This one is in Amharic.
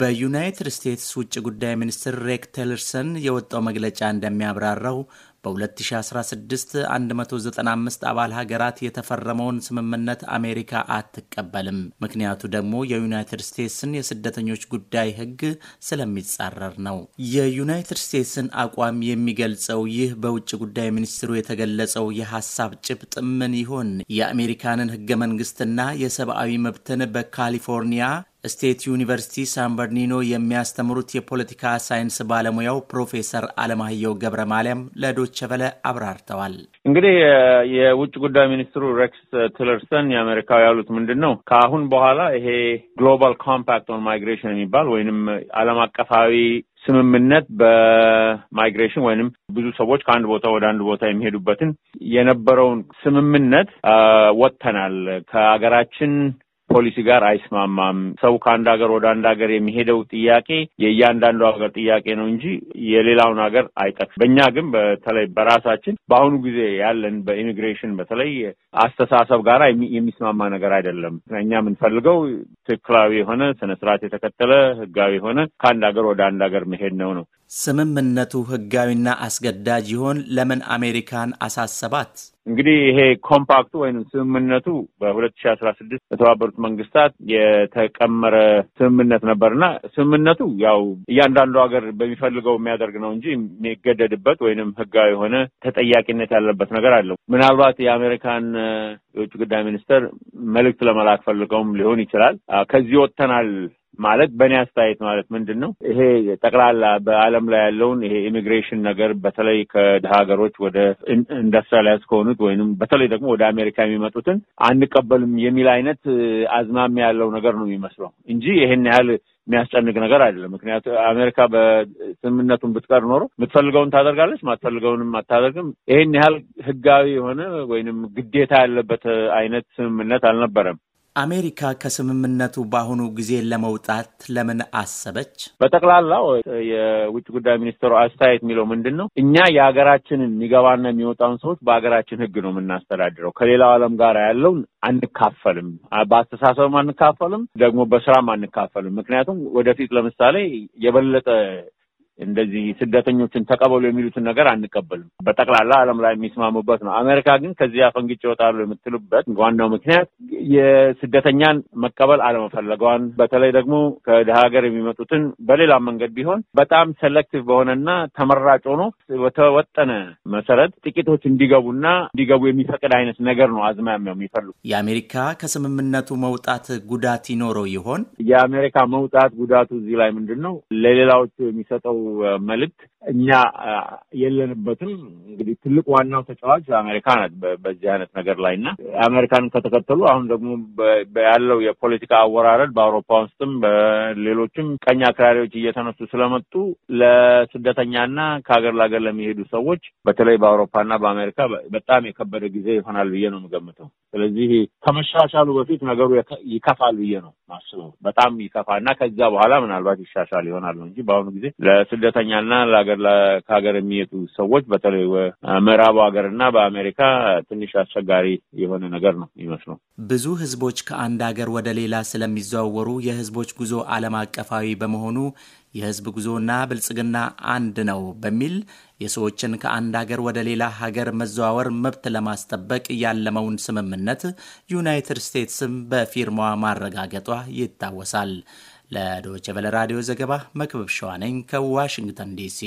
በዩናይትድ ስቴትስ ውጭ ጉዳይ ሚኒስትር ሬክ ቴለርሰን የወጣው መግለጫ እንደሚያብራራው በ2016 195 አባል ሀገራት የተፈረመውን ስምምነት አሜሪካ አትቀበልም። ምክንያቱ ደግሞ የዩናይትድ ስቴትስን የስደተኞች ጉዳይ ሕግ ስለሚጻረር ነው። የዩናይትድ ስቴትስን አቋም የሚገልጸው ይህ በውጭ ጉዳይ ሚኒስትሩ የተገለጸው የሀሳብ ጭብጥ ምን ይሆን? የአሜሪካንን ሕገ መንግስትና የሰብአዊ መብትን በካሊፎርኒያ ስቴት ዩኒቨርሲቲ ሳንበርኒኖ የሚያስተምሩት የፖለቲካ ሳይንስ ባለሙያው ፕሮፌሰር አለማየሁ ገብረ ማርያም ለዶቸበለ ቬለ አብራርተዋል። እንግዲህ የውጭ ጉዳይ ሚኒስትሩ ሬክስ ቲለርሰን የአሜሪካው ያሉት ምንድን ነው? ከአሁን በኋላ ይሄ ግሎባል ኮምፓክት ኦን ማይግሬሽን የሚባል ወይንም ዓለም አቀፋዊ ስምምነት በማይግሬሽን ወይንም ብዙ ሰዎች ከአንድ ቦታ ወደ አንድ ቦታ የሚሄዱበትን የነበረውን ስምምነት ወጥተናል ከሀገራችን ፖሊሲ ጋር አይስማማም። ሰው ከአንድ ሀገር ወደ አንድ ሀገር የሚሄደው ጥያቄ የእያንዳንዱ ሀገር ጥያቄ ነው እንጂ የሌላውን ሀገር አይጠቅም። በእኛ ግን በተለይ በራሳችን በአሁኑ ጊዜ ያለን በኢሚግሬሽን በተለይ አስተሳሰብ ጋር የሚስማማ ነገር አይደለም። እኛ የምንፈልገው ትክክላዊ የሆነ ስነስርዓት የተከተለ ህጋዊ የሆነ ከአንድ ሀገር ወደ አንድ ሀገር መሄድ ነው ነው። ስምምነቱ ህጋዊና አስገዳጅ ይሆን? ለምን አሜሪካን አሳሰባት? እንግዲህ ይሄ ኮምፓክቱ ወይም ስምምነቱ በሁለት ሺ አስራ ስድስት በተባበሩት መንግስታት የተቀመረ ስምምነት ነበር ና ስምምነቱ ያው እያንዳንዱ ሀገር በሚፈልገው የሚያደርግ ነው እንጂ የሚገደድበት ወይንም ህጋዊ የሆነ ተጠያቂነት ያለበት ነገር አለው። ምናልባት የአሜሪካን የውጭ ጉዳይ ሚኒስትር መልእክት ለመላክ ፈልገውም ሊሆን ይችላል ከዚህ ወጥተናል ማለት በእኔ አስተያየት ማለት ምንድን ነው ይሄ ጠቅላላ በዓለም ላይ ያለውን ይሄ ኢሚግሬሽን ነገር በተለይ ከድሀ ሀገሮች ወደ ኢንዱስትሪላይዝ ከሆኑት ወይም በተለይ ደግሞ ወደ አሜሪካ የሚመጡትን አንቀበልም የሚል አይነት አዝማሚያ ያለው ነገር ነው የሚመስለው እንጂ ይሄን ያህል የሚያስጨንቅ ነገር አይደለም። ምክንያቱ አሜሪካ በስምምነቱን ብትቀር ኖሮ የምትፈልገውን ታደርጋለች፣ ማትፈልገውንም አታደርግም። ይሄን ያህል ህጋዊ የሆነ ወይንም ግዴታ ያለበት አይነት ስምምነት አልነበረም። አሜሪካ ከስምምነቱ በአሁኑ ጊዜ ለመውጣት ለምን አሰበች? በጠቅላላው የውጭ ጉዳይ ሚኒስትሩ አስተያየት የሚለው ምንድን ነው? እኛ የሀገራችንን የሚገባና የሚወጣውን ሰዎች በሀገራችን ሕግ ነው የምናስተዳድረው። ከሌላው ዓለም ጋር ያለውን አንካፈልም፣ በአስተሳሰብም አንካፈልም፣ ደግሞ በስራም አንካፈልም። ምክንያቱም ወደፊት ለምሳሌ የበለጠ እንደዚህ ስደተኞችን ተቀበሉ የሚሉትን ነገር አንቀበልም። በጠቅላላ ዓለም ላይ የሚስማሙበት ነው። አሜሪካ ግን ከዚህ ፈንግጭ ይወጣሉ የምትሉበት ዋናው ምክንያት የስደተኛን መቀበል አለመፈለገዋን በተለይ ደግሞ ከደሃ ሀገር የሚመጡትን በሌላ መንገድ ቢሆን በጣም ሴሌክቲቭ በሆነና ተመራጭ ሆኖ በተወጠነ መሰረት ጥቂቶች እንዲገቡና እንዲገቡ የሚፈቅድ አይነት ነገር ነው አዝማሚያው የሚፈልጉ። የአሜሪካ ከስምምነቱ መውጣት ጉዳት ይኖረው ይሆን? የአሜሪካ መውጣት ጉዳቱ እዚህ ላይ ምንድን ነው? ለሌላዎቹ የሚሰጠው መልእክት እኛ የለንበትም። እንግዲህ ትልቅ ዋናው ተጫዋች አሜሪካ ናት በዚህ አይነት ነገር ላይ እና አሜሪካን ከተከተሉ አሁን ደግሞ ያለው የፖለቲካ አወራረድ በአውሮፓ ውስጥም በሌሎችም ቀኝ አክራሪዎች እየተነሱ ስለመጡ ለስደተኛና ከሀገር ለሀገር ለሚሄዱ ሰዎች በተለይ በአውሮፓና በአሜሪካ በጣም የከበደ ጊዜ ይሆናል ብዬ ነው የምገምተው። ስለዚህ ከመሻሻሉ በፊት ነገሩ ይከፋል ብዬ ነው ማስበው። በጣም ይከፋ እና ከዛ በኋላ ምናልባት ይሻሻል ይሆናል እንጂ በአሁኑ ጊዜ ለስደተኛና ለሀገር ሀገር ከሀገር የሚሄዱ ሰዎች በተለይ ምዕራቡ ሀገር እና በአሜሪካ ትንሽ አስቸጋሪ የሆነ ነገር ነው ይመስሉ። ብዙ ህዝቦች ከአንድ ሀገር ወደ ሌላ ስለሚዘዋወሩ የህዝቦች ጉዞ ዓለም አቀፋዊ በመሆኑ የህዝብ ጉዞና ብልጽግና አንድ ነው በሚል የሰዎችን ከአንድ ሀገር ወደ ሌላ ሀገር መዘዋወር መብት ለማስጠበቅ ያለመውን ስምምነት ዩናይትድ ስቴትስም በፊርማዋ ማረጋገጧ ይታወሳል። ለዶይቼ ራዲዮ ዘገባ መክበብ ሸዋነኝ ከዋሽንግተን ዲሲ